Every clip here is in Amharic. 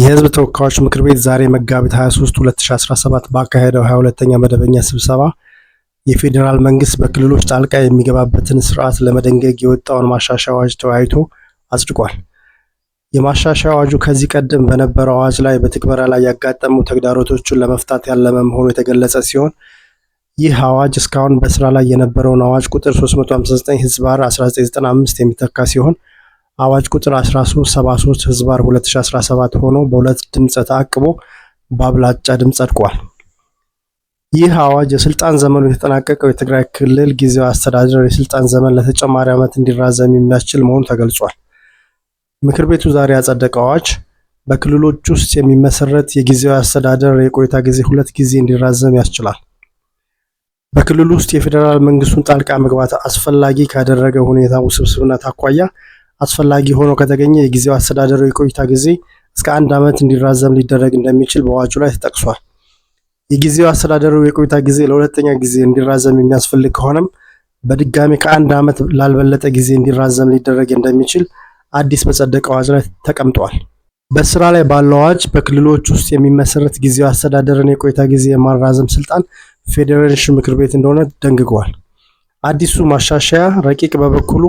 የህዝብ ተወካዮች ምክር ቤት ዛሬ መጋቢት 23 2017 ባካሄደው 22ኛ መደበኛ ስብሰባ የፌዴራል መንግስት በክልሎች ጣልቃ የሚገባበትን ስርዓት ለመደንገግ የወጣውን ማሻሻያ አዋጅ ተወያይቶ አጽድቋል። የማሻሻያ አዋጁ ከዚህ ቀደም በነበረው አዋጅ ላይ በትግበራ ላይ ያጋጠሙ ተግዳሮቶችን ለመፍታት ያለመ መሆኑ የተገለጸ ሲሆን ይህ አዋጅ እስካሁን በስራ ላይ የነበረውን አዋጅ ቁጥር 359 ህዝባር 1995 የሚተካ ሲሆን አዋጅ ቁጥር 1373 ህዝባር 2017 ሆኖ በሁለት ድምፅ ተአቅቦ በአብላጫ ድምፅ ጸድቋል። ይህ አዋጅ የስልጣን ዘመኑ የተጠናቀቀው የትግራይ ክልል ጊዜያዊ አስተዳደር የስልጣን ዘመን ለተጨማሪ ዓመት እንዲራዘም የሚያስችል መሆኑ ተገልጿል። ምክር ቤቱ ዛሬ ያጸደቀው አዋጅ በክልሎች ውስጥ የሚመሰረት የጊዜያዊ አስተዳደር የቆይታ ጊዜ ሁለት ጊዜ እንዲራዘም ያስችላል። በክልል ውስጥ የፌዴራል መንግስቱን ጣልቃ መግባት አስፈላጊ ካደረገ ሁኔታ ውስብስብነት አኳያ አስፈላጊ ሆኖ ከተገኘ የጊዜው አስተዳደሩ የቆይታ ጊዜ እስከ አንድ ዓመት እንዲራዘም ሊደረግ እንደሚችል በአዋጁ ላይ ተጠቅሷል። የጊዜው አስተዳደሩ የቆይታ ጊዜ ለሁለተኛ ጊዜ እንዲራዘም የሚያስፈልግ ከሆነም በድጋሚ ከአንድ ዓመት ላልበለጠ ጊዜ እንዲራዘም ሊደረግ እንደሚችል አዲስ በጸደቀ አዋጅ ላይ ተቀምጧል። በስራ ላይ ባለው አዋጅ በክልሎች ውስጥ የሚመሰረት ጊዜው አስተዳደርን የቆይታ ጊዜ የማራዘም ስልጣን ፌዴሬሽን ምክር ቤት እንደሆነ ደንግጓል። አዲሱ ማሻሻያ ረቂቅ በበኩሉ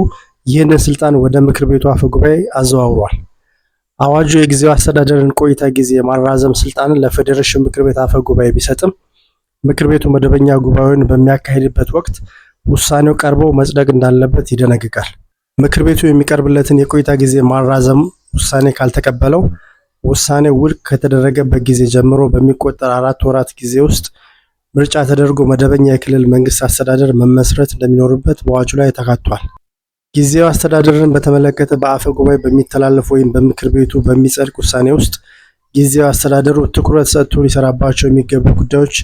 ይህንን ስልጣን ወደ ምክር ቤቱ አፈ ጉባኤ አዘዋውሯል። አዋጁ የጊዜው አስተዳደርን ቆይታ ጊዜ የማራዘም ስልጣንን ለፌዴሬሽን ምክር ቤት አፈ ጉባኤ ቢሰጥም ምክር ቤቱ መደበኛ ጉባኤውን በሚያካሄድበት ወቅት ውሳኔው ቀርቦ መጽደቅ እንዳለበት ይደነግጋል። ምክር ቤቱ የሚቀርብለትን የቆይታ ጊዜ ማራዘም ውሳኔ ካልተቀበለው ውሳኔ ውድቅ ከተደረገበት ጊዜ ጀምሮ በሚቆጠር አራት ወራት ጊዜ ውስጥ ምርጫ ተደርጎ መደበኛ የክልል መንግስት አስተዳደር መመስረት እንደሚኖርበት በአዋጁ ላይ ተካቷል። ጊዜያዊ አስተዳደርን በተመለከተ በአፈ ጉባኤ በሚተላለፍ ወይም በምክር ቤቱ በሚጸድቅ ውሳኔ ውስጥ ጊዜያዊ አስተዳደሩ ትኩረት ሰጥቶ ሊሰራባቸው የሚገቡ ጉዳዮች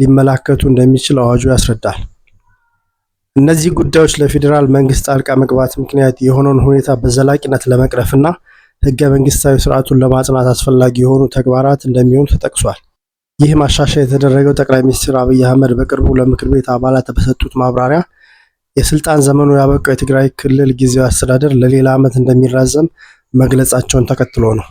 ሊመላከቱ እንደሚችል አዋጁ ያስረዳል። እነዚህ ጉዳዮች ለፌዴራል መንግስት ጣልቃ መግባት ምክንያት የሆነውን ሁኔታ በዘላቂነት ለመቅረፍና ህገ መንግስታዊ ስርዓቱን ለማጽናት አስፈላጊ የሆኑ ተግባራት እንደሚሆኑ ተጠቅሷል። ይህ ማሻሻያ የተደረገው ጠቅላይ ሚኒስትር አብይ አህመድ በቅርቡ ለምክር ቤት አባላት በሰጡት ማብራሪያ የስልጣን ዘመኑ ያበቃው የትግራይ ክልል ጊዜያዊ አስተዳደር ለሌላ ዓመት እንደሚራዘም መግለጻቸውን ተከትሎ ነው